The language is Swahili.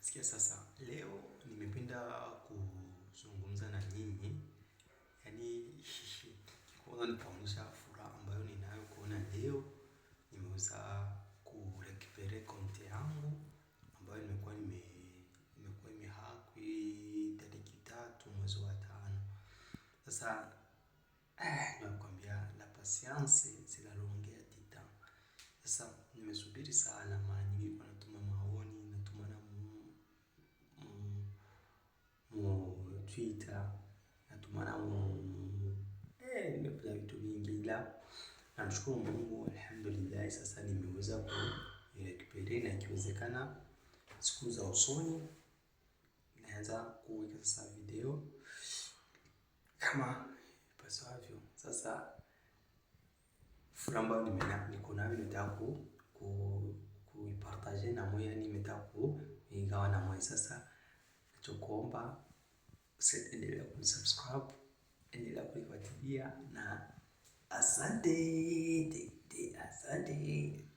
Sikia sasa, leo nimependa kuzungumza na nyinyi, yaani kwanza nikaonyesha furaha ambayo ninayo kuona leo nimeweza kurekipere konte yangu ambayo nimekuwa nime nimekuwa imehakwi tariki tatu mwezi wa tano. Sasa eh, nakwambia la patience c'est la longueur Sasa nimesubiri sana mara nyingi Twitter, natumana eh, nimefanya vitu vingi, ila namshukuru Mungu, alhamdulillah, sasa nimeweza kurekupere na ikiwezekana siku za usoni naanza kuweka sasa video kama ipasavyo. Sasa furaha ambayo niko nayo ku kuipartaje na moyo, yani nimetaka kuigawa na moyo. Sasa nachokuomba endelea kusubscribe, endelea kuifuatilia na asante, asante.